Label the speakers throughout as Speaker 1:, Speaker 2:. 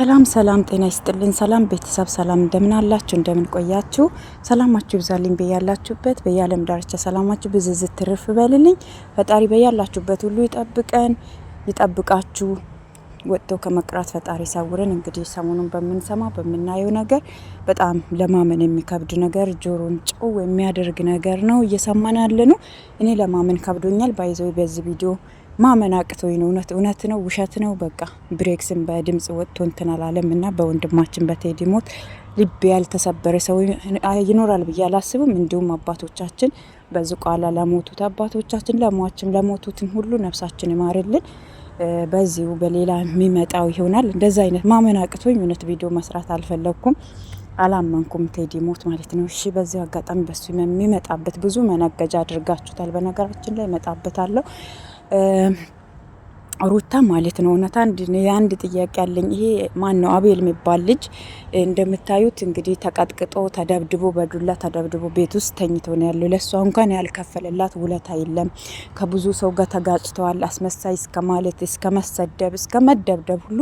Speaker 1: ሰላም ሰላም፣ ጤና ይስጥልን። ሰላም ቤተሰብ፣ ሰላም እንደምን አላችሁ? እንደምን ቆያችሁ? ሰላማችሁ ይብዛልኝ። በያላችሁበት በየዓለም ዳርቻ ሰላማችሁ ብዝዝት ትርፍ በልልኝ። ፈጣሪ በያላችሁበት ሁሉ ይጠብቀን፣ ይጠብቃችሁ። ወጥቶ ከመቅራት ፈጣሪ ሰውረን። እንግዲህ ሰሞኑን በምንሰማ በምናየው ነገር በጣም ለማመን የሚከብድ ነገር፣ ጆሮን ጨው የሚያደርግ ነገር ነው እየሰማን ያለ ነው። እኔ ለማመን ከብዶኛል። ባይዘው በዚህ ቪዲዮ ማመን አቅቶኝ ነው። እውነት እውነት ነው ውሸት ነው በቃ ብሬክስን በድምጽ ወጥቶ እንትን አላለም እና በወንድማችን በቴዲ ሞት ልብ ያልተሰበረ ሰው ይኖራል ብዬ አላስብም። እንዲሁም አባቶቻችን በዝቋላ ለሞቱት አባቶቻችን ለሟችም ለሞቱትም ሁሉ ነፍሳችን ይማርልን። በዚሁ በሌላ የሚመጣው ይሆናል። እንደዛ አይነት ማመን አቅቶኝ እውነት ቪዲዮ መስራት አልፈለግኩም። አላመንኩም ቴዲ ሞት ማለት ነው። እሺ በዚህ አጋጣሚ በሱ የሚመጣበት ብዙ መነገጃ አድርጋችሁታል። በነገራችን ላይ እመጣበታለሁ። ሩታ ማለት ነው። እውነት አንድ የአንድ ጥያቄ አለኝ። ይሄ ማን ነው? አቤል የሚባል ልጅ እንደምታዩት እንግዲህ ተቀጥቅጦ ተደብድቦ በዱላ ተደብድቦ ቤት ውስጥ ተኝቶ ነው ያለው። ለእሷ እንኳን ያልከፈለላት ውለታ የለም። ከብዙ ሰው ጋር ተጋጭተዋል። አስመሳይ እስከ ማለት እስከ መሰደብ እስከ መደብደብ ሁሉ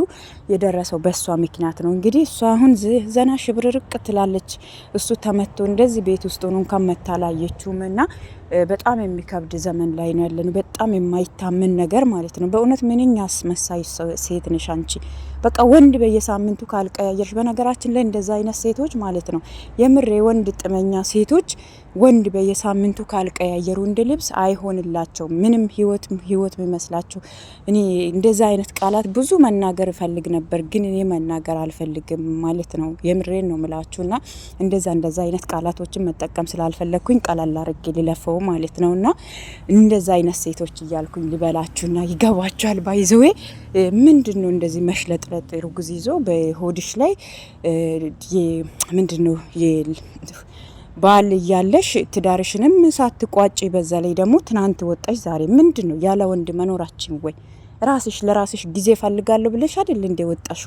Speaker 1: የደረሰው በእሷ ምክንያት ነው። እንግዲህ እሷ አሁን ዘና ሽብርርቅ ትላለች። እሱ ተመቶ እንደዚህ ቤት ውስጥ ሆኖ እንኳን መታላየችውም እና በጣም የሚከብድ ዘመን ላይ ነው ያለነው። በጣም የማይታመን ነገር ማለት ነው። በእውነት ምንኛ አስመሳይ ሴት ነሽ አንቺ። በቃ ወንድ በየሳምንቱ ካልቀያየርሽ። በነገራችን ላይ እንደዛ አይነት ሴቶች ማለት ነው የምሬ ወንድ ጥመኛ ሴቶች ወንድ በየሳምንቱ ካልቀያየሩ እንደ ልብስ አይሆንላቸው ምንም ህይወት ህይወት የሚመስላቸው። እኔ እንደዛ አይነት ቃላት ብዙ መናገር እፈልግ ነበር፣ ግን እኔ መናገር አልፈልግም ማለት ነው። የምሬን ነው ምላችሁና እንደዛ እንደዛ አይነት ቃላቶችን መጠቀም ስላልፈለግኩኝ ቀላል አርጌ ልለፈው ማለት ነውና እንደዛ አይነት ሴቶች እያልኩኝ ልበላችሁና ይገባችኋል። ባይዘዌ ምንድን ነው እንደዚህ መሽለጥ ጥረት ሩጉዝ ይዞ በሆድሽ ላይ ምንድን ነው ባል እያለሽ ትዳርሽንም ሳትቋጭ በዛ ላይ ደግሞ ትናንት ወጣሽ ዛሬ ምንድን ነው ያለ ወንድ መኖራችን ወይ ራስሽ ለራስሽ ጊዜ ፈልጋለሁ ብለሽ አይደል እንዴ ወጣሹ?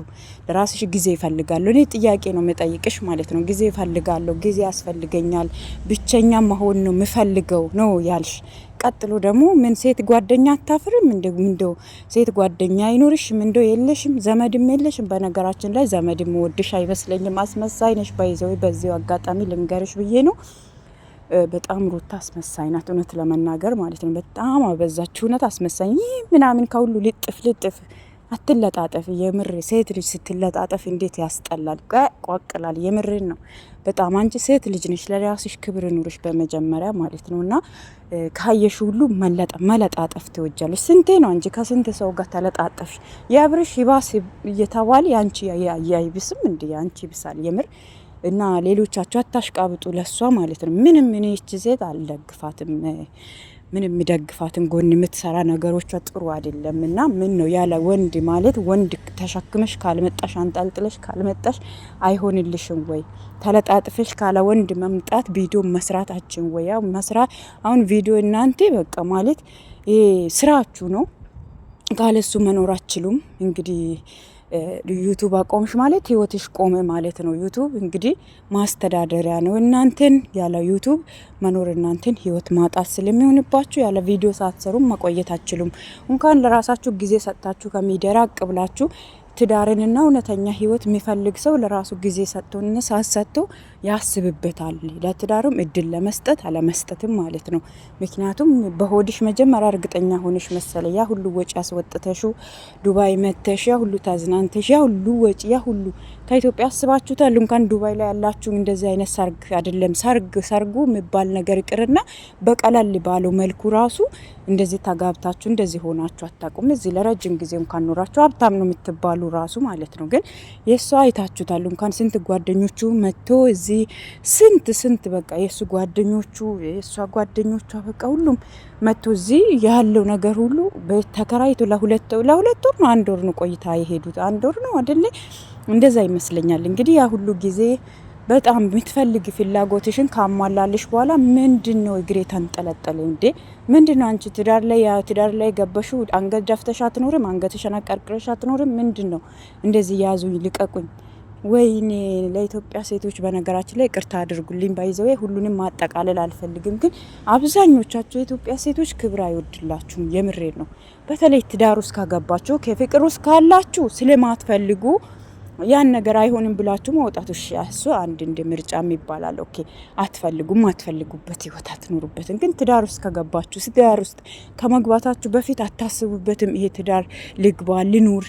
Speaker 1: ለራስሽ ጊዜ ፈልጋለሁ እኔ ጥያቄ ነው መጠይቅሽ ማለት ነው። ጊዜ ፈልጋለሁ፣ ጊዜ ያስፈልገኛል፣ ብቸኛ መሆን ነው የምፈልገው ነው ያልሽ። ቀጥሎ ደግሞ ምን ሴት ጓደኛ አታፍርም? እንደ ሴት ጓደኛ አይኖርሽም? እንደው የለሽም? ዘመድም የለሽም? በነገራችን ላይ ዘመድም ወድሽ አይመስለኝም። አስመሳይ ነሽ ባይዘው። በዚሁ አጋጣሚ ልንገርሽ ብዬ ነው በጣም ሩታ አስመሳይ ናት፣ እውነት ለመናገር ማለት ነው። በጣም አበዛችሁ እውነት አስመሳይ ይህ ምናምን ከሁሉ ልጥፍ ልጥፍ አትለጣጠፍ። የምር ሴት ልጅ ስትለጣጠፍ እንዴት ያስጠላል፣ ቋቅላል። የምርን ነው በጣም አንቺ ሴት ልጅ ነች፣ ለራስሽ ክብር ኑርሽ በመጀመሪያ ማለት ነው። እና ካየሽ ሁሉ መለጣጠፍ ትወጃለች። ስንቴ ነው አንቺ ከስንት ሰው ጋር ተለጣጠፍሽ? የብርሽ ይባስ እየተባለ የአንቺ ያይብስም እንዲ አንቺ ይብሳል የምር እና ሌሎቻችሁ አታሽቃብጡ፣ ለሷ ማለት ነው። ምንም እኔ ይች ዜት አልደግፋትም። ምንም ደግፋትን ጎን የምትሰራ ነገሮቿ ጥሩ አይደለም። እና ምን ነው ያለ ወንድ ማለት ወንድ ተሸክመሽ ካልመጣሽ፣ አንጠልጥለሽ ካልመጣሽ አይሆንልሽም ወይ ተለጣጥፈሽ ካለ ወንድ መምጣት ቪዲዮ መስራታችን ወይ ያው መስራ አሁን ቪዲዮ እናንተ በቃ ማለት ስራችሁ ነው። ካለሱ መኖር አችሉም እንግዲህ ዩቱብ አቆምሽ ማለት ህይወትሽ ቆመ ማለት ነው። ዩቱብ እንግዲህ ማስተዳደሪያ ነው። እናንተን ያለ ዩቱብ መኖር እናንተን ህይወት ማጣት ስለሚሆንባችሁ ያለ ቪዲዮ ሳትሰሩም መቆየት አችሉም። እንኳን ለራሳችሁ ጊዜ ሰጥታችሁ ከሚደራቅ ብላችሁ ትዳርንና እውነተኛ ህይወት የሚፈልግ ሰው ለራሱ ጊዜ ሰጥቶና ሰጥቶ ያስብበታል። ለትዳርም እድል ለመስጠት አለመስጠትም ማለት ነው። ምክንያቱም በሆድሽ መጀመሪያ እርግጠኛ ሆነሽ መሰለ ያ ሁሉ ወጪ ያስወጥተሹ ዱባይ መተሽ ያ ሁሉ ታዝናንተሽ ያ ሁሉ ወጪ ያ ሁሉ ከኢትዮጵያ አስባችሁታል። እንኳን ዱባይ ላይ ያላችሁ እንደዚህ አይነት ሰርግ አይደለም ሰርግ ሰርጉ የሚባል ነገር ይቅርና በቀላል ባለው መልኩ ራሱ እንደዚህ ተጋብታችሁ እንደዚህ ሆናችሁ አታውቁም። እዚህ ለረጅም ጊዜ እንኳን ኖራችሁ ሀብታም ነው የምትባሉ ራሱ ማለት ነው። ግን የእሷ አይታችሁታሉ። እንኳን ስንት ጓደኞቹ መጥቶ እዚህ ስንት ስንት በቃ የእሱ ጓደኞቹ የእሷ ጓደኞቿ በቃ ሁሉም መጥቶ እዚህ ያለው ነገር ሁሉ ተከራይቶ ለሁለት ለሁለት ወር ነው አንድ ወር ነው ቆይታ የሄዱት አንድ ወር ነው አደለ? እንደዛ ይመስለኛል እንግዲህ ያ ሁሉ ጊዜ በጣም የምትፈልግ ፍላጎትሽን ካሟላልሽ በኋላ ምንድን ነው እግሬ ተንጠለጠለ እንዴ? ምንድን ነው አንቺ ትዳር ላይ ትዳር ላይ ገበሹ አንገት ደፍተሽ አትኖርም? አንገትሽን አቀርቅረሽ አትኖርም? ምንድን ነው እንደዚህ? ያዙኝ ልቀቁኝ። ወይኔ ለኢትዮጵያ ሴቶች በነገራችን ላይ ቅርታ አድርጉልኝ። ባይዘው ሁሉንም ማጠቃለል አልፈልግም፣ ግን አብዛኞቻቸው የኢትዮጵያ ሴቶች ክብር አይወድላችሁም። የምሬ ነው። በተለይ ትዳር ውስጥ ካገባችሁ ከፍቅር ውስጥ ካላችሁ ስለማትፈልጉ ያን ነገር አይሆንም ብላችሁ እሺ፣ እሱ አንድ እንደ ምርጫ የሚባላል። ኦኬ አትፈልጉም፣ አትፈልጉበት ህይወት አትኖሩበትም። ግን ትዳር ውስጥ ከገባችሁ ትዳር ውስጥ ከመግባታችሁ በፊት አታስቡበትም። ይሄ ትዳር ልግባ ልኑር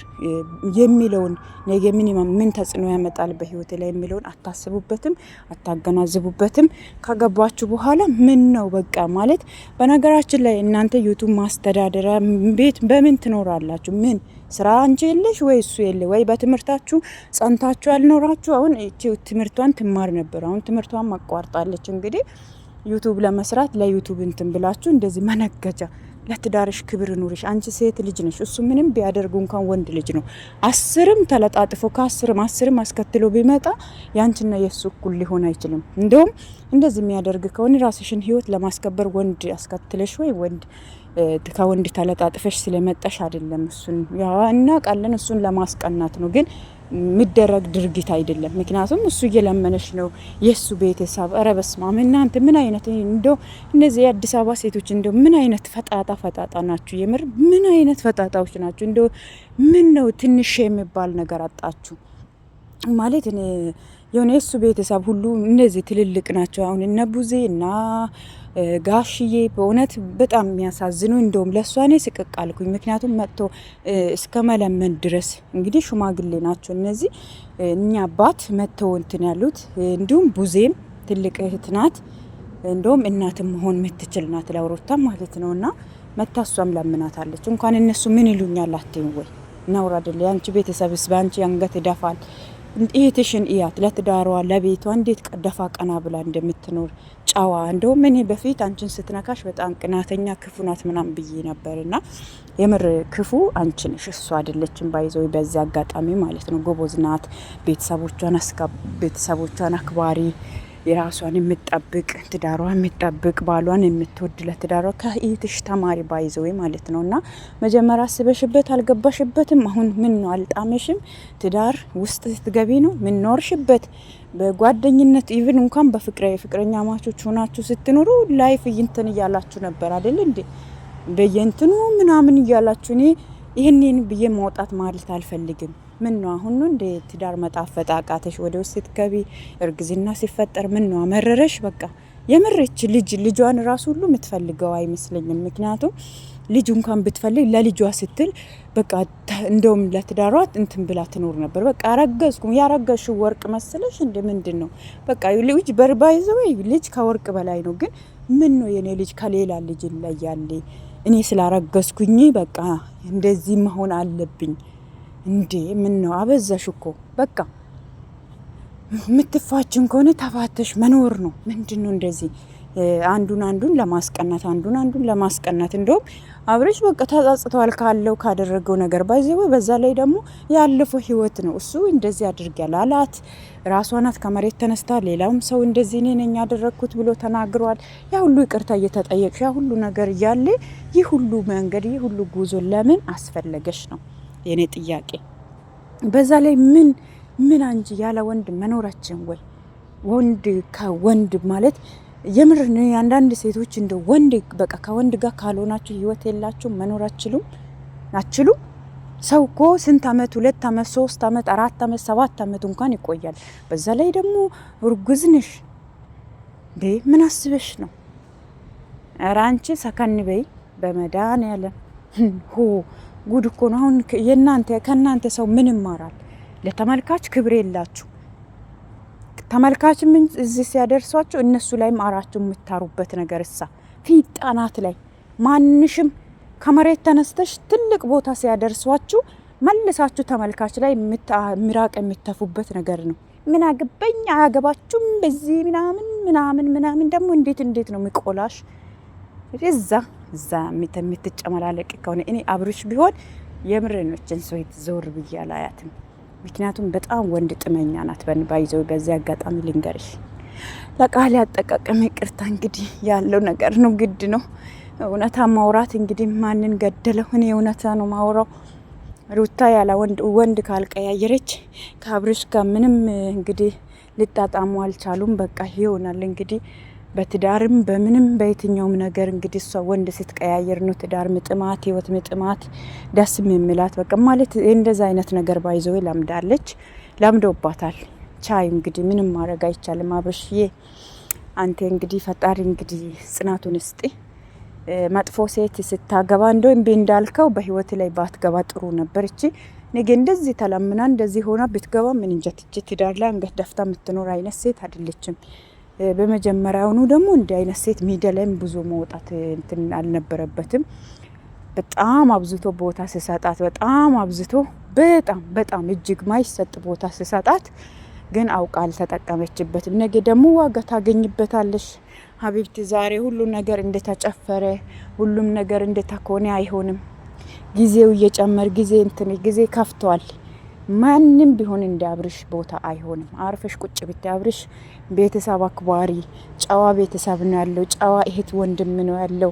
Speaker 1: የሚለውን ነገ ሚኒማም ምን ተጽዕኖ ያመጣል በህይወት ላይ የሚለውን አታስቡበትም፣ አታገናዝቡበትም። ከገባችሁ በኋላ ምን ነው በቃ ማለት በነገራችን ላይ እናንተ ዩቱብ ማስተዳደሪያ ቤት በምን ትኖራላችሁ ምን ስራ አንቺ የለሽ ወይ እሱ የለ ወይ በትምህርታችሁ ጸንታችሁ አልኖራችሁ አሁን ትምህርቷን ትማር ነበር። አሁን ትምህርቷን ማቋርጣለች። እንግዲህ ዩቱብ ለመስራት ለዩቱብ እንትን ብላችሁ እንደዚህ መነገጃ ለትዳርሽ ክብር ኑርሽ። አንቺ ሴት ልጅ ነሽ። እሱ ምንም ቢያደርጉ እንኳን ወንድ ልጅ ነው። አስርም ተለጣጥፎ ከአስርም አስርም አስከትሎ ቢመጣ ያንቺና የእሱ እኩል ሊሆን አይችልም። እንደውም እንደዚህ የሚያደርግ ከሆነ ራስሽን ህይወት ለማስከበር ወንድ አስከትለሽ ወይ ወንድ ከወንድ ተለጣጥፈሽ ስለመጣሽ አይደለም። እሱን እናውቃለን። እሱን ለማስቀናት ነው ግን የሚደረግ ድርጊት አይደለም። ምክንያቱም እሱ እየለመነች ነው የእሱ ቤተሰብ። ኧረ በስመ አብ እናንተ ምን አይነት እንደው እነዚህ የአዲስ አበባ ሴቶች እንደው ምን አይነት ፈጣጣ ፈጣጣ ናችሁ? የምር ምን አይነት ፈጣጣዎች ናችሁ? እንደው ምን ነው ትንሽ የሚባል ነገር አጣችሁ ማለት እኔ የሆነ የእሱ ቤተሰብ ሁሉ እነዚህ ትልልቅ ናቸው። አሁን እነ ቡዜ እና ጋሽዬ በእውነት በጣም የሚያሳዝኑ እንደውም ለእሷ እኔ ስቅቅ አልኩኝ። ምክንያቱም መጥቶ እስከ መለመን ድረስ እንግዲህ ሽማግሌ ናቸው እነዚህ እኛ አባት መጥተው እንትን ያሉት እንዲሁም ቡዜም ትልቅ እህት ናት። እንደውም እናትም መሆን የምትችል ናት ለአውሮታ ማለት ነው። እና መታሷም አለች። እንኳን እነሱ ምን ይሉኛል አትይም ወይ ነውር አይደል? የአንቺ ቤተሰብስ በአንቺ አንገት ይደፋል። እህትሽን እያት ለትዳሯ ለቤቷ እንዴት ቀደፋ ቀና ብላ እንደምትኖር ጨዋ። እንደውም እኔ በፊት አንቺን ስትነካሽ በጣም ቅናተኛ ክፉ ናት ምናምን ብዬ ነበር እና የምር ክፉ አንቺ ነሽ፣ እሱ አይደለችም። ባይዘው በዚያ አጋጣሚ ማለት ነው ጎበዝ ናት። ቤተሰቦቿን ቤተሰቦቿን አክባሪ የራሷን የምጠብቅ ትዳሯን የምጠብቅ ባሏን የምትወድ ለትዳሯ ከእህትሽ ተማሪ ባይዘወይ ማለት ነው። እና መጀመሪያ አስበሽበት አልገባሽበትም። አሁን ምን ነው አልጣመሽም? ትዳር ውስጥ ስትገቢ ነው ምን ኖርሽበት? በጓደኝነት ኢቭን እንኳን በፍቅረ የፍቅረኛ ማቾች ሆናችሁ ስትኖሩ ላይፍ እይንትን እያላችሁ ነበር አደል እንዴ? በየንትኑ ምናምን እያላችሁ እኔ ይህንን ብዬ ማውጣት ማለት አልፈልግም። ምን ነው አሁን ነው እንደ ትዳር መጣፈጥ አቃተሽ? ወደ ውስጥ ስትገቢ እርግዝና ሲፈጠር ምን ነው አመረረሽ? በቃ የምሬች ልጅ ልጇን ራሱ ሁሉ የምትፈልገው አይመስለኝም። ምክንያቱም ልጅ እንኳን ብትፈልግ ለልጇ ስትል በቃ እንደውም ለትዳሯ እንትን ብላ ትኖር ነበር። በቃ አረገዝኩ ያረገሽ ወርቅ መሰለሽ እንደ ምንድን ነው በቃ ልጅ በርባይዘ ወይ ልጅ ከወርቅ በላይ ነው። ግን ምን ነው የኔ ልጅ ከሌላ ልጅ ይለያል፣ እኔ ስላረገዝኩኝ በቃ እንደዚህ መሆን አለብኝ እንዴ ምን ነው አበዛሽ እኮ በቃ ምትፋችን ከሆነ ተፋተሽ መኖር ነው። ምንድን ነው እንደዚህ አንዱን አንዱን ለማስቀናት አንዱን አንዱን ለማስቀናት እንደውም አብረሽ በቃ ተጻጽተዋል ካለው ካደረገው ነገር ባይዘው። በዛ ላይ ደግሞ ያለፈው ህይወት ነው እሱ እንደዚህ አድርግ ያላላት ራሷ ናት ከመሬት ተነስታ፣ ሌላውም ሰው እንደዚህ እኔ ነኝ ያደረግኩት ብሎ ተናግሯል። ያ ሁሉ ይቅርታ እየተጠየቅሽ ያ ሁሉ ነገር እያለ ይህ ሁሉ መንገድ ይህ ሁሉ ጉዞ ለምን አስፈለገሽ ነው? የኔ ጥያቄ። በዛ ላይ ምን ምን አንጂ ያለ ወንድ መኖራችን ወይ ወንድ ከወንድ ማለት የምር አንዳንድ ሴቶች እንደ ወንድ በቃ ከወንድ ጋር ካልሆናችሁ ህይወት የላችሁ መኖር አችሉም አችሉ። ሰው እኮ ስንት አመት ሁለት አመት ሶስት አመት አራት አመት ሰባት አመት እንኳን ይቆያል። በዛ ላይ ደግሞ እርጉዝ ነሽ እንዴ? ምን አስበሽ ነው? ኧረ አንቺ ሰከን በይ በመድኃኒዓለም ሆ ጉድ እኮ ነው። አሁን የእናንተ ከእናንተ ሰው ምን ይማራል? ለተመልካች ክብር የላችሁ። ተመልካች ምን እዚህ ሲያደርሷችሁ እነሱ ላይም ማራችሁ የምታሩበት ነገር እሳ ፊጣናት ላይ ማንሽም ከመሬት ተነስተሽ ትልቅ ቦታ ሲያደርሷችሁ መልሳችሁ ተመልካች ላይ ምራቅ የሚተፉበት ነገር ነው። ምን አገባኝ አያገባችሁም፣ በዚህ ምናምን ምናምን ምናምን ደግሞ እንዴት እንዴት ነው የሚቆላሽ እዛ እዛ የምትጨመላለቅ ከሆነ እኔ አብርሽ ቢሆን የምረኖችን ሰዊት ዘውር ብዬ አላያትም። ምክንያቱም በጣም ወንድ ጥመኛ ናት። በንባይዘው በዚህ አጋጣሚ ልንገርሽ። ለቃል ያጠቃቀም ይቅርታ እንግዲህ ያለው ነገር ነው፣ ግድ ነው። እውነታ ማውራት እንግዲህ ማንን ገደለው? እኔ እውነታ ነው ማውራው። ሩታ ያለ ወንድ ወንድ ካልቀያየረች ከአብርሽ ጋር ምንም እንግዲህ ልጣጣሙ አልቻሉም። በቃ ይሆናል እንግዲህ በትዳርም በምንም በየትኛውም ነገር እንግዲህ እሷ ወንድ ስትቀያየር ነው ትዳር ምጥማት፣ ህይወት ምጥማት፣ ደስም የምላት በቃ ማለት እንደዚ አይነት ነገር ባይዘው ለምዳለች፣ ለምዶባታል። ቻዩ እንግዲህ ምንም ማድረግ አይቻልም። አብርሽዬ አንተ እንግዲህ ፈጣሪ እንግዲህ ጽናቱን እስጢ። መጥፎ ሴት ስታገባ እንደው እምቢ እንዳልከው በህይወት ላይ ባትገባ ጥሩ ነበር። እቺ ነገ እንደዚህ ተለምና እንደዚህ ሆና ብትገባ ምን እንጀት። እቺ ትዳር ላይ አንገት ደፍታ የምትኖር አይነት ሴት አይደለችም። በመጀመሪያውኑ ደግሞ እንዲህ አይነት ሴት ሚዲያ ላይም ብዙ መውጣት እንትን አልነበረበትም። በጣም አብዝቶ ቦታ ስሰጣት በጣም አብዝቶ በጣም በጣም እጅግ ማይሰጥ ቦታ ስሰጣት ግን አውቃ አልተጠቀመችበትም። ነገ ደግሞ ዋጋ ታገኝበታለሽ። ሀቢብቲ ዛሬ ሁሉ ነገር እንደተጨፈረ ሁሉም ነገር እንደተኮነ አይሆንም። ጊዜው እየጨመር ጊዜ እንትን ጊዜ ከፍቷል። ማንም ቢሆን እንደ አብርሽ ቦታ አይሆንም። አርፈሽ ቁጭ ብት አብርሽ ቤተሰብ አክባሪ ጨዋ ቤተሰብ ነው ያለው። ጨዋ እህት ወንድም ነው ያለው።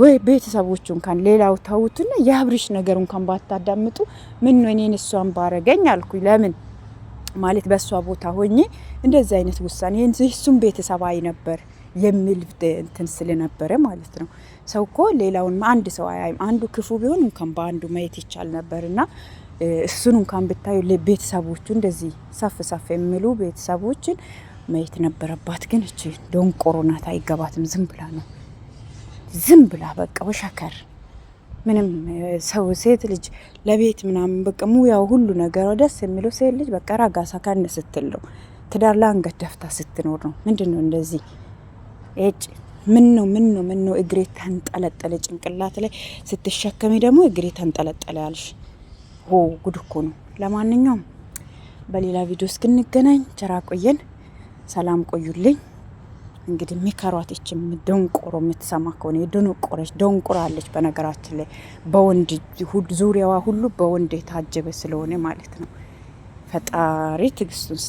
Speaker 1: ወይ ቤተሰቦቹ እንኳን ሌላው ታውቱና የአብርሽ ነገር እንኳን ባታዳምጡ ምን ነው እኔን እሷን ባረገኝ አልኩ። ለምን ማለት በእሷ ቦታ ሆኜ እንደዚህ አይነት ውሳኔ እሱም ቤተሰብ አይ ነበር የሚል እንትን ስለነበረ ማለት ነው። ሰው እኮ ሌላውን አንድ ሰው አያይም። አንዱ ክፉ ቢሆን እንኳን በአንዱ ማየት ይቻል ነበር እሱን እንኳን ብታዩ ቤተሰቦቹ እንደዚህ ሰፍ ሰፍ የሚሉ ቤተሰቦችን ማየት ነበረባት። ግን እቺ ደንቆሮ ናት፣ አይገባትም። ዝም ብላ ነው ዝም ብላ በቃ ወሸከር ምንም ሰው ሴት ልጅ ለቤት ምናምን በቃ ሙያው ሁሉ ነገር ደስ የሚለው ሴት ልጅ በቃ ራጋ ሳካን ስትል ነው። ትዳር ለአንገት ደፍታ ስትኖር ነው። ምንድን ነው እንደዚህ ጭ ምን ነው ምን ነው ምን ነው እግሬ ተንጠለጠለ ጭንቅላት ላይ ስትሸከሚ ደግሞ እግሬ ተንጠለጠለ ያልሽ ሆ ጉድ እኮ ነው። ለማንኛውም በሌላ ቪዲዮ እስክንገናኝ ቸራ ቆየን። ሰላም ቆዩልኝ። እንግዲህ የሚከሯት ይች ደንቆሮ የምትሰማ ከሆነ የደነቆረች ደንቁራለች። በነገራችን ላይ በወንድ ዙሪያዋ ሁሉ በወንድ የታጀበ ስለሆነ ማለት ነው። ፈጣሪ ትግስቱን